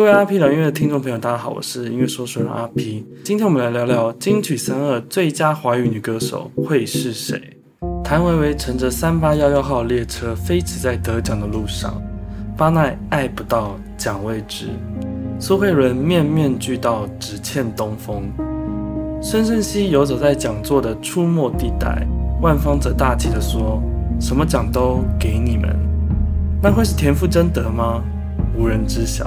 各位阿 P 聊音樂的聽眾朋友，大家好，我是音樂說書人阿皮。今天我們來聊聊金曲三二最佳華語女歌手會是誰？譚維維乘着三八幺幺號列車飛馳在得獎的路上，巴奈愛不到獎位置，蘇慧倫面面俱到只欠東風，孫盛希游走在獎座的出沒地帶，萬芳則大氣地說：“什麼獎都給你們。”那會是田馥甄得嗎？無人知曉。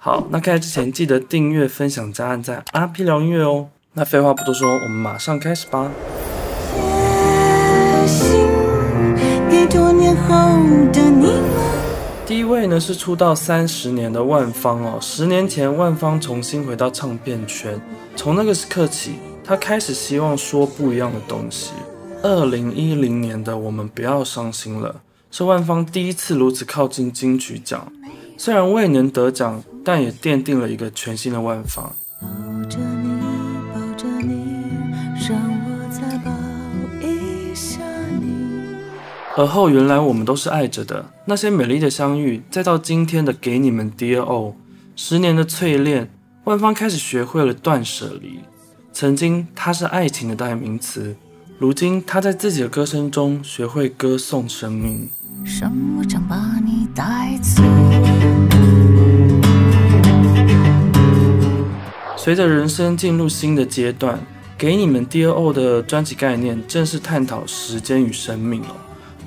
好，那開始之前記得訂閱、分享、加按讚，阿 P、啊、聊音樂哦。那廢話不多說，我們馬上開始吧。給多年後的你。第一位呢是出道三十年的萬芳哦，十年前萬芳重新回到唱片圈，從那個時刻起，她開始希望說不一樣的東西。二零一零年的《我們不要傷心了》是萬芳第一次如此靠近金曲獎，雖然未能得獎，但也奠定了一個全新的萬芳。而後，原來我們都是愛着的那些《美麗的相遇》，再到今天的《給你們 Dear All》，十年的淬煉，萬芳開始學會了斷捨離。曾經，她是愛情的代名詞，如今她在自己的歌聲中學會歌頌生命。《把你帶走》，隨着人生進入新的階段，《給你們 Dear All》的專輯概念正是探討時間與生命了。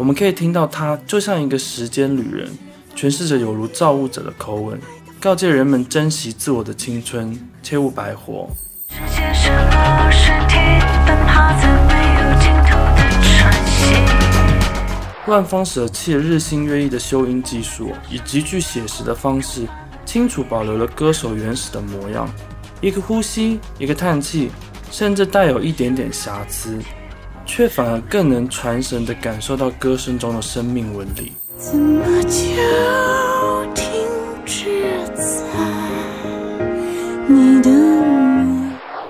我們可以聽到他就像一個時間旅人，詮釋着有如造物者的口吻，告誡人們珍惜自我的青春，切勿白活。世界是個無聲體，奔跑在沒有盡頭的喘息。萬芳捨棄日新月異的修音技術，以極具寫實的方式，清楚保留了歌手原始的模樣，一個呼吸，一個嘆氣，甚至帶有一點點瑕疵。卻反而更能傳神的感受到歌聲中的生命紋理。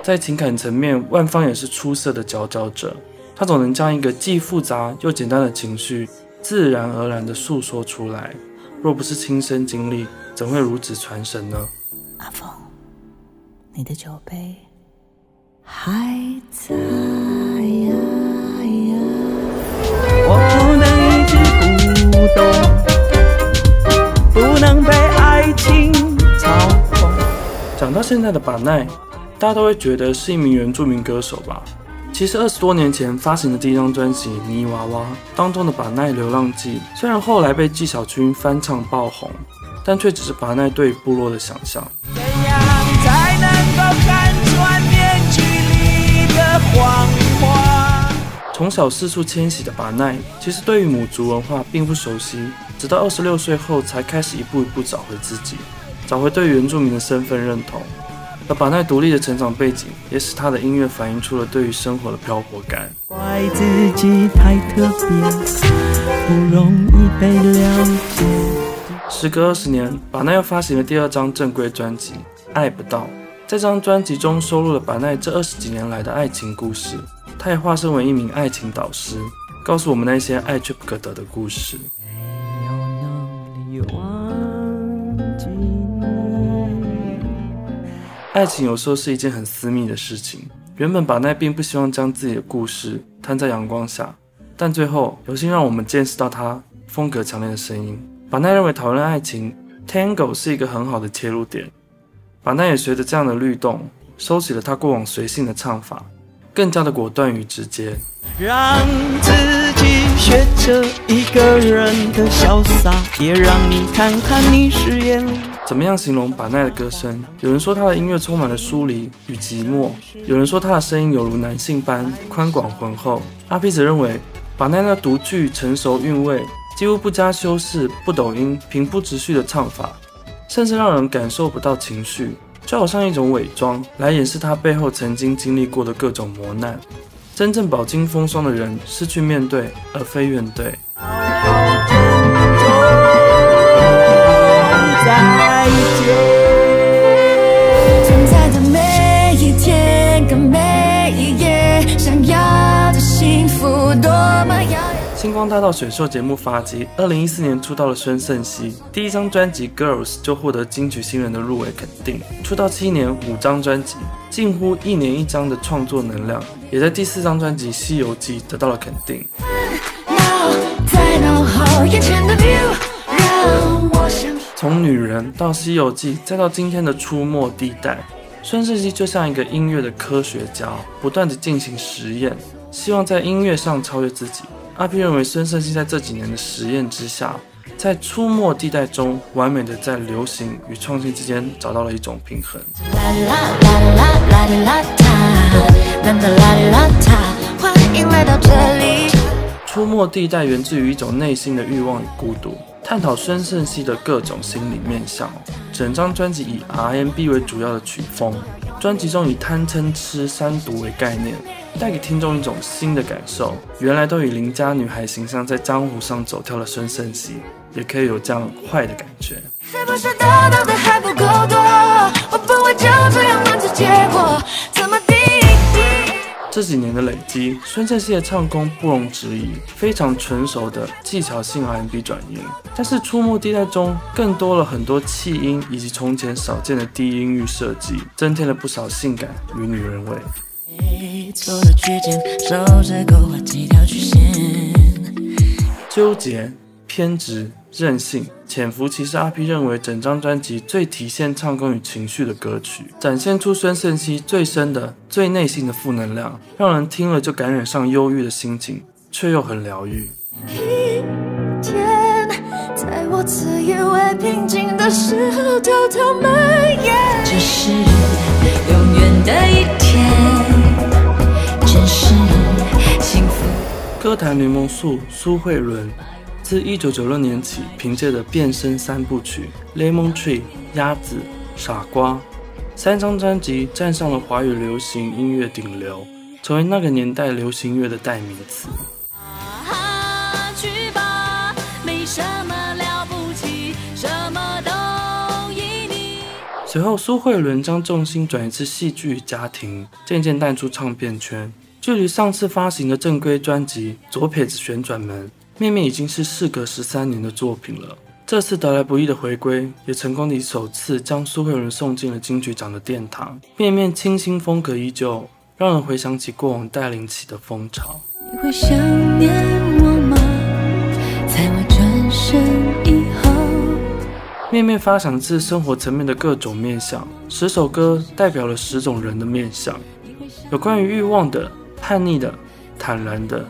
在情感層面，萬芳也是出色的佼佼者。她總能將一個既複雜又簡單的情緒，自然而然的訴說出來。若不是親身經歷，怎會如此傳神呢？阿峰，你的酒杯還在。能被愛情操控。講到現在的巴奈，大家都會覺得是一名原住民歌手吧？其實二十多年前發行的第一張專輯《泥娃娃》當中的《巴奈流浪記》，雖然後來被紀曉君翻唱爆紅，但卻只是巴奈對部落的想象。怎樣才能夠看穿面具裡的謊話？從小四處遷徙的巴奈，其實對於母族文化並不熟悉。直到二十六歲後，才開始一步一步找回自己，找回對於原住民的身份認同。而巴奈獨立的成長背景，也使他的音樂反映出了對於生活的漂泊感。怪自己太特別，不容易被了解。時隔二十年，巴奈又發行了第二張正規專輯《愛不到》。在這張專輯中，收錄了巴奈這二十幾年來的愛情故事。他也化身為一名愛情導師，告訴我們那些愛卻不可得的故事。愛情有時候是一件很私密的事情。原本巴奈並不希望將自己的故事攤在陽光下，但最後有幸讓我們見識到他風格強烈的聲音。巴奈認為討論愛情《Tango》是一個很好的切入點。巴奈也隨着這樣的律動，收起了他過往隨性的唱法，更加的果斷與直接。學着一個人的瀟灑，也你你看看你實驗怎麼樣形容坂奈 an 的歌聲？有人說他的音樂充滿了疏離與寂寞，有人說他的聲音猶如男性般寬廣渾厚。阿皮則認為，坂奈那獨具成熟韻味、幾乎不加修飾、不抖音、平鋪直敘的唱法，甚至讓人感受不到情緒，就好像一種偽裝，來掩飾他背後曾經經歷過的各種磨難。真正飽經風霜的人，是去面對，而非怨懟。 星光大道選秀節目發跡，二零一四年出道的孫盛希，第一張專輯《Girls》就獲得金曲新人的入圍肯定。出道七年，五張專輯，近乎一年一張的創作能量，也在第四張專輯《西遊記》得到了肯定。 從女人到《西遊記》，再到今天的《出沒地帶》，孫盛希就像一個音樂的科學家，不斷的進行實驗，希望在音樂上超越自己。阿 P 認為孫盛希在這幾年的實驗之下，在出沒地帶中完美的在流行與創新之間找到了一種平衡。出沒 地帶源自於一種內心的欲望與孤獨，探討孫盛希的各種心理面向。整張專輯以 R&B 為主要的曲風。專輯中以貪嗔痴三毒為概念，帶給聽眾一種新的感受。原來都以鄰家女孩形象在江湖上走跳的孫盛希，也可以有這樣壞的感覺。這幾年的累積，孫盛希的唱功不容置疑，非常純熟的技巧性 R&B 轉音，但是出沒地帶中更多了很多氣音以及從前少見的低音域設計，增添了不少性感與女人味。糾結，偏執。任性，潛伏，其實阿 P 認為整張專輯最體現唱功與情緒的歌曲，展現出孫盛希最深的、最內心的負能量，讓人聽了就感染上憂鬱的心情，卻又很療癒。一天，在我自以為平靜的時候，偷偷蔓延。這是永遠的一天，這是幸福。歌壇檸檬樹，蘇慧倫。自一九九六年起，憑借的《變身三部曲》《Lemon Tree》《鴨子》《傻瓜》三張專輯，站上了華語流行音樂頂流，成為那個年代流行樂的代名詞。啊哈，去吧，沒什麼了不起，什麼都依你。隨後，蘇慧倫將重心轉移至戲劇、家庭，漸漸淡出唱片圈。距離上次發行的正規專輯《左撇子旋轉門》。面面已經是事隔十三年的作品了，這次得來不易的回歸，也成功地首次將蘇慧倫送進了金曲獎的殿堂。面面清新風格依舊，讓人回想起過往帶領起的風潮。你會想念我嗎？在我轉身以後。面面發想自生活層面的各種面相，十首歌代表了十種人的面相，有關於慾望的、叛逆的、坦然的。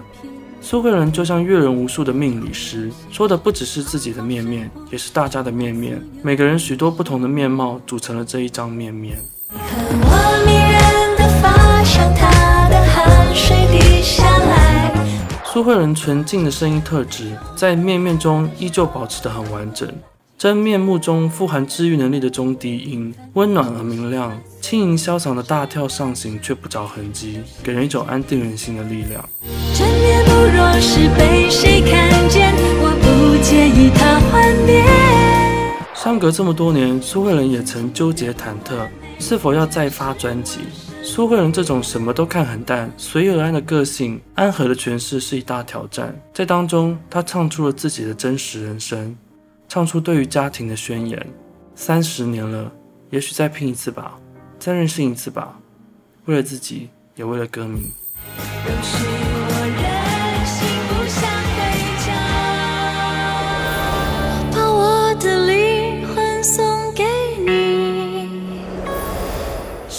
蘇慧倫就像閱人無數的命理師，說的不只是自己的面面，也是大家的面面。每個人許多不同的面貌組成了這一張面面。和我迷人的髮香，汗水滴下來。蘇慧倫純淨的聲音特質，在面面中依舊保持得很完整。真面目中富含治癒能力的中低音，溫暖而明亮，輕盈瀟灑的大跳上行卻不着痕跡，給人一種安定人心的力量。真面目是被誰看見？我不介意他幻滅。相隔這麼多年，蘇慧倫也曾糾結忐忑，是否要再發專輯。蘇慧倫這種什麼都看很淡、隨遇而安的個性，安和的詮釋是一大挑戰。在當中，她唱出了自己的真實人生，唱出對於家庭的宣言。三十年了，也許再拼一次吧，再任性一次吧，為了自己，也為了歌迷。Yes.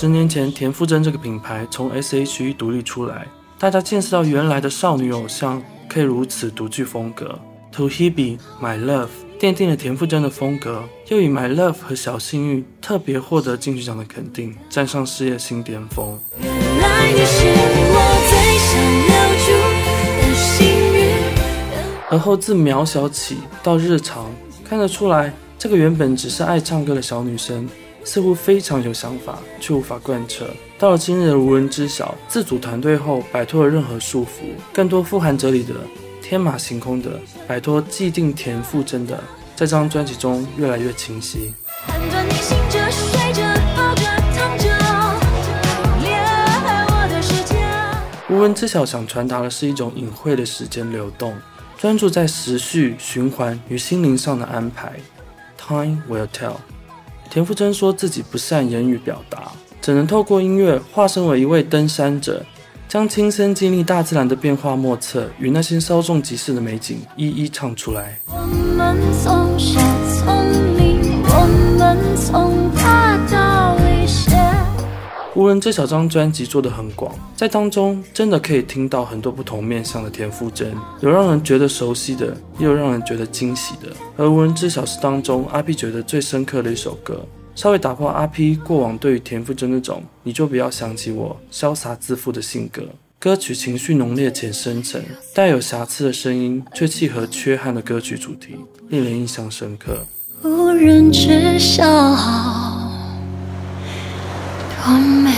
十年前，田馥甄這個品牌從 S H E 獨立出來，大家見識到原來的少女偶像可以如此獨具風格。To Hebe My Love 奠定了田馥甄的風格，又以 My Love 和小幸運特別獲得金曲獎的肯定，站上事業新巔峰。原來你是我最想留住的幸運。而後自渺小起到日常，看得出來，這個原本只是愛唱歌的小女生。似乎非常有想法，卻無法貫徹。到了今日的無人知曉，自組團隊後，擺脫了任何束縛，更多富含哲理的、天馬行空的，擺脫既定田馥甄的，在這張專輯中越來越清晰。我的世界無人知曉想傳達的是一種隱晦的時間流動，專注在時序循環與心靈上的安排。Time will tell。田馥甄說自己不善言語表達，只能透過音樂，化身為一位登山者，將親身經歷大自然的變化莫測與那些稍縱即逝的美景一一唱出來。我們這小張專輯做的很廣，在當中真的可以聽到很多不同面向的田馥甄，有讓人覺得熟悉的，也有讓人覺得驚喜的。而無人知曉是當中阿 P 覺得最深刻的一首歌，稍微打破阿 P 過往對於田馥甄那種你就不要想起我瀟灑自負的性格。歌曲情緒濃烈且深沉，帶有瑕疵的聲音卻契合缺憾的歌曲主題，令人印象深刻。無人知曉。好美。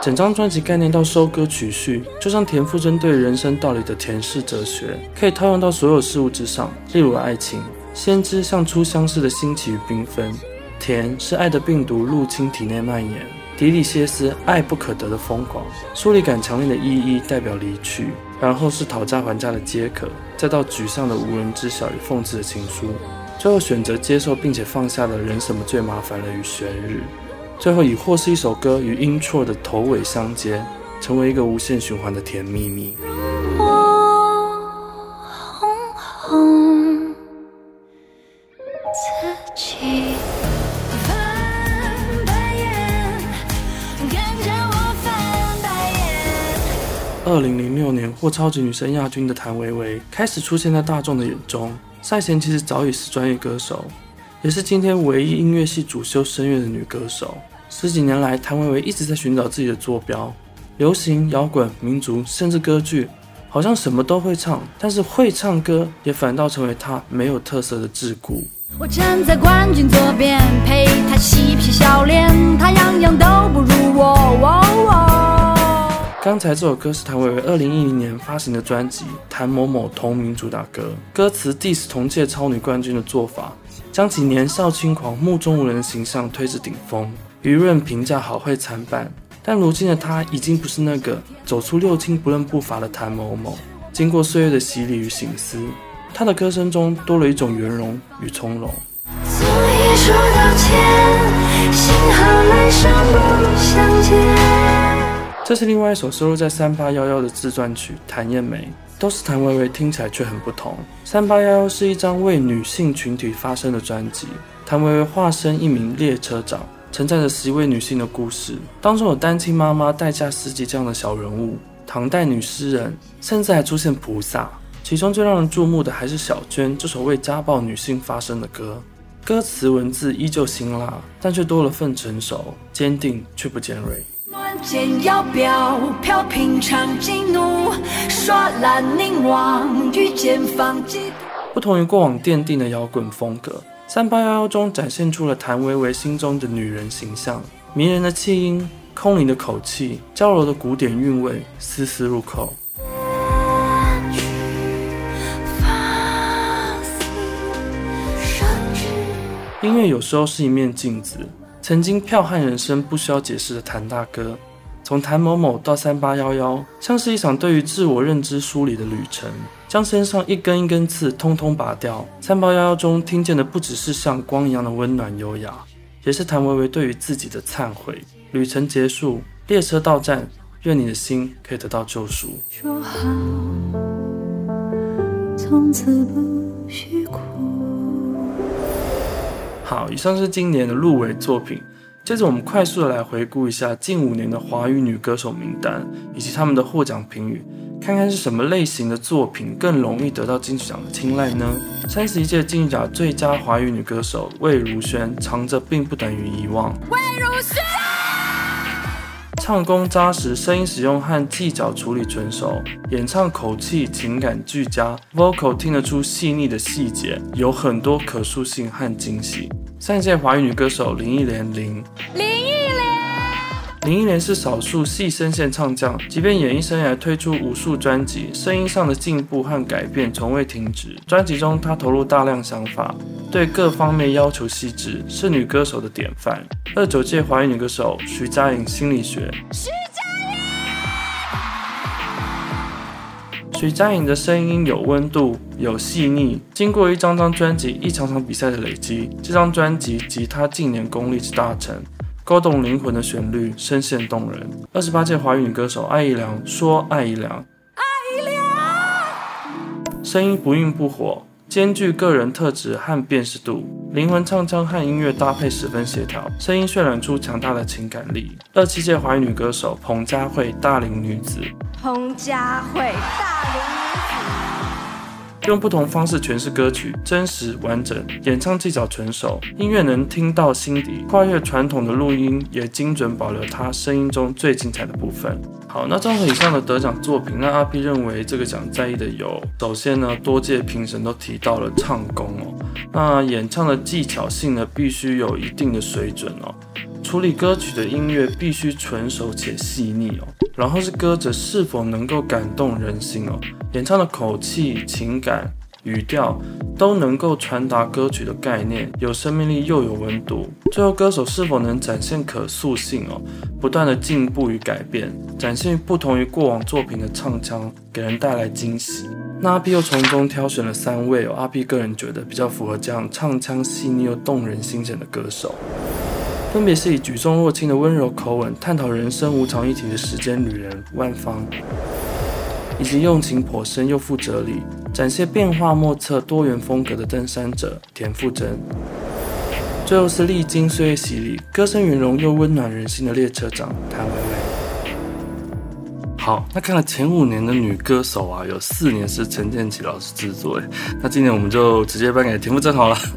整張專輯概念到收歌曲序，就像田馥甄對人生道理的田式哲學，可以套用到所有事物之上。例如愛情，先知像初相識的新奇與繽紛；甜是愛的病毒入侵體內蔓延；狄里歇斯愛不可得的瘋狂；疏離感強烈的依依代表離去；然後是討價還價的皆可；再到沮喪的無人知曉與諷刺的情書；最後選擇接受並且放下的人，什麼最麻煩了？與懸日。最後，以或是一首歌與 intro 的頭尾相接，成為一個無限循環的甜蜜蜜。讓我哄哄自己翻白眼，跟著我翻白眼。二零零六年獲超級女聲亞軍的譚維維開始出現在大眾的眼中，賽前其實早已是專業歌手。也是今天唯一音樂系主修聲樂的女歌手。十幾年來，譚維維一直在尋找自己的坐標，流行、搖滾、民族，甚至歌劇，好像什麼都會唱。但是會唱歌也反倒成為她沒有特色的桎梏。我站在冠軍左邊，陪他嬉皮笑臉，他樣樣都不如我。哦哦剛才這首歌是譚維維二零一零年發行的專輯《譚某某》同名主打歌，歌詞 diss 同屆超女冠軍的做法，將其年少輕狂、目中無人的形象推至頂峰。輿論評價好壞參半，但如今的她已經不是那個走出六親不認步伐的譚某某。經過歲月的洗禮與省思，她的歌聲中多了一種圓融與從容。所以說道歉，幸好來生不相見。這是另外一首收錄在《三八幺幺》的自傳曲《譚艷梅》，都是譚維維，聽起來卻很不同。《三八幺幺》是一張為女性群體發聲的專輯，譚維維化身一名列車長，承載着十一位女性的故事，當中有單親媽媽、代駕司機這樣的小人物，唐代女詩人，甚至還出現菩薩。其中最讓人注目的還是小娟這首為家暴女性發聲的歌，歌詞文字依舊辛辣，但卻多了份成熟、堅定卻不尖銳。Right. 不同於過往奠定的搖滾風格，《三八幺幺》中展現出了譚維維心中的女人形象，迷人的氣音，空靈的口氣，嬌柔的古典韻味，絲絲入扣。音樂有時候是一面鏡子。曾經彪悍人生不需要解釋的譚大哥，從譚某某到3811，像是一場對於自我認知梳理的旅程，將身上一根一根刺通通拔掉。3811中聽見的不只是像光一樣的溫暖優雅，也是譚維維對於自己的懺悔。旅程結束，列車到站，願你的心可以得到救贖。從此不許哭。好，以上是今年的入圍作品。接着，我們快速的來回顧一下近五年的華語女歌手名單以及她們的獲獎評語，看看是什麼類型的作品更容易得到金曲獎的青睞呢？三十一屆金曲獎最佳華語女歌手魏如萱，藏着並不等於遺忘。魏如萱。唱功扎實，聲音使用和技巧處理純熟，演唱口氣情感俱佳 ，vocal 聽得出細膩的細節，有很多可塑性和驚喜。上屆華語女歌手林憶蓮，林，一林，林憶蓮。林憶蓮是少數戲聲線唱將，即便演藝生涯推出無數專輯，聲音上的進步和改變從未停止。專輯中，她投入大量想法，對各方面要求細緻，是女歌手的典範。二九屆華語女歌手徐佳瑩心理學。徐佳瑩。徐佳瑩的聲音有溫度，有細膩。經過一張張專輯、一場場比賽的累積，這張專輯集她近年功力之大成。勾動靈魂的旋律，聲線動人。二十八屆華語女歌手艾怡良說：“艾怡良，說艾怡良，艾怡良聲音不愠不火，兼具個人特質和辨識度，靈魂唱腔和音樂搭配十分協調，聲音渲染出強大的情感力。”二十七屆華語女歌手彭佳慧，大齡女子，彭佳慧大。用不同方式詮釋歌曲，真實完整，演唱技巧純熟，音樂能聽到心底，跨越傳統的錄音也精準保留他聲音中最精彩的部分。好，那綜合以上的得獎作品，那阿 P 認為這個獎在意的有，首先呢，多屆評審都提到了唱功哦，那演唱的技巧性呢，必須有一定的水準哦。處理歌曲的音樂必須純熟且細膩哦，然後是歌者是否能夠感動人心哦，演唱的口氣、情感、語調都能夠傳達歌曲的概念，有生命力又有溫度。最後，歌手是否能展現可塑性哦，不斷的進步與改變，展現不同於過往作品的唱腔，給人帶來驚喜。那阿 P 又從中挑選了三位哦，阿 P 個人覺得比較符合這樣唱腔細膩又動人心弦的歌手，分別是以舉重若輕的溫柔口吻探討人生無常議題的時間旅人萬芳，以及用情頗深又富哲理、展現變化莫測多元風格的登山者田馥甄，最後是歷經歲月洗禮、歌聲圓融又溫暖人心的列車長譚維維。好，那看了前五年的女歌手啊，有四年是陳建騏老師製作的，那今年我們就直接頒給田馥甄好了。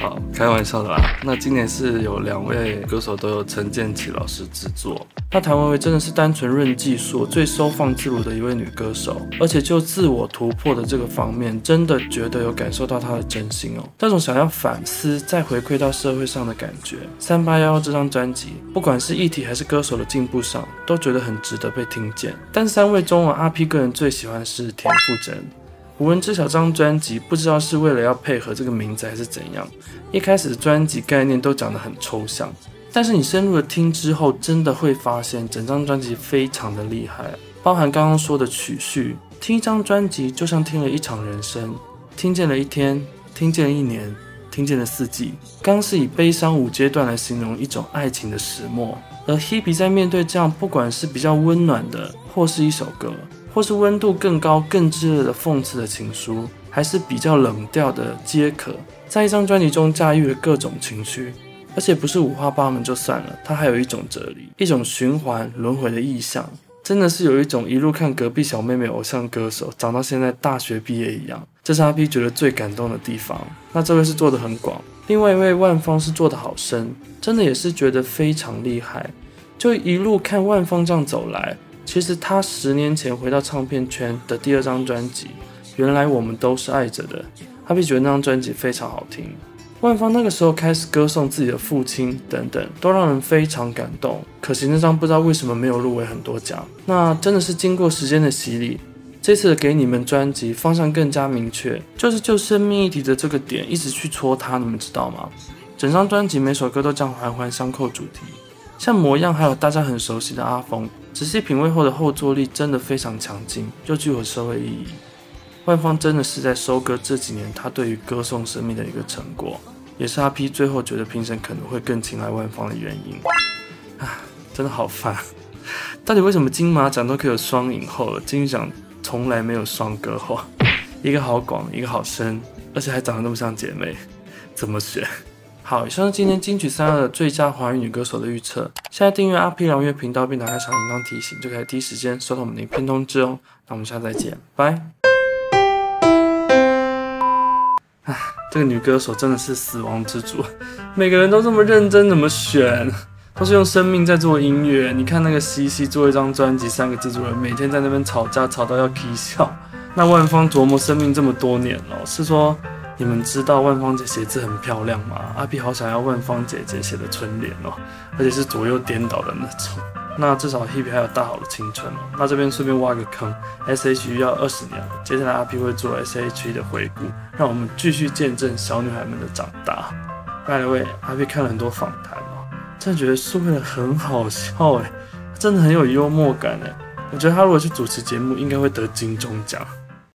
好，開玩笑的啦。那今年是有兩位歌手都有陳建騏老師製作。那譚維維真的是單純論技術，最收放自如的一位女歌手。而且就自我突破的這個方面，真的覺得有感受到她的真心哦，那種想要反思再回饋到社會上的感覺。三八幺幺這張專輯，不管是議題還是歌手的進步上，都覺得很值得被聽見。但三位中文阿 P 個人最喜歡的是田馥甄。無人知曉這張專輯，不知道是為了要配合這個名字還是怎樣。一開始的專輯概念都講得很抽象，但是你深入的聽之後，真的會發現整張專輯非常的厲害。包含剛剛說的曲序，聽一張專輯就像聽了一場人生，聽見了一天，聽見了一年，聽見了四季。剛是以悲傷五階段來形容一種愛情的始末，而 Hebe 在面對這樣，不管是比較溫暖的，或是一首歌。或是溫度更高、更炙熱的諷刺的情書，還是比較冷調的皆可，在一張專輯中駕馭了各種情緒，而且不是五花八門就算了，它還有一種哲理，一種循環輪回的意象，真的是有一種一路看隔壁小妹妹偶像歌手長到現在大學畢業一樣，這是阿 P 覺得最感動的地方。那這位是做得很廣，另外一位萬芳是做得好深，真的也是覺得非常厲害，就一路看萬芳這樣走來。其實他十年前回到唱片圈的第二張專輯《原來我們都是愛着的》，阿 P 覺得那張專輯非常好聽。萬芳那個時候開始歌頌自己的父親等等，都讓人非常感動。可惜那張不知道為什麼沒有入圍很多獎。那真的是經過時間的洗禮，這次的給你們專輯方向更加明確，就是就生命議題的這個點一直去戳它。你們知道嗎？整張專輯每首歌都將環環相扣，主題像《模樣》，還有大家很熟悉的《阿峰》。仔細品味後的後坐力真的非常強勁，又具有社會意義。萬芳真的是在收割這幾年她對於歌頌生命的一個成果，也是阿 P 最後覺得評審可能會更青睞萬芳的原因。啊，真的好煩！到底為什麼金馬獎都可以有雙影后了，金曲獎從來沒有雙歌后？一個好廣，一個好深，而且還長得那麼像姐妹，怎麼選？好，以上是今天金曲三二的最佳華語女歌手的預測。現在訂閱阿 p 朗樂頻道，並打開小鈴鐺提醒，就可以第一時間收到我們的片通知哦。那我們下次再見，拜。哎，這個女歌手真的是死亡之主，每個人都這麼認真，怎麼選？都是用生命在做音樂。你看那個 c 茜做一張專輯，三個制作人每天在那邊吵架，吵到要啼笑。那萬芳琢磨生命這麼多年了，是說。你們知道萬芳姐寫字很漂亮嗎？阿 P 好想要萬芳姐姐寫的春聯哦、喔，而且是左右顛倒的那種。那至少 Hebe 還有大好的青春哦、喔。那這邊順便挖個坑，S.H.E 要二十年了，接下來阿 P 會做 S.H.E 的回顧，讓我們繼續見證小女孩們的長大。By the way，阿 P 看了很多訪談哦，真的覺得說得很好笑哎、欸，真的很有幽默感哎、欸，我覺得他如果去主持節目，應該會得金鐘獎。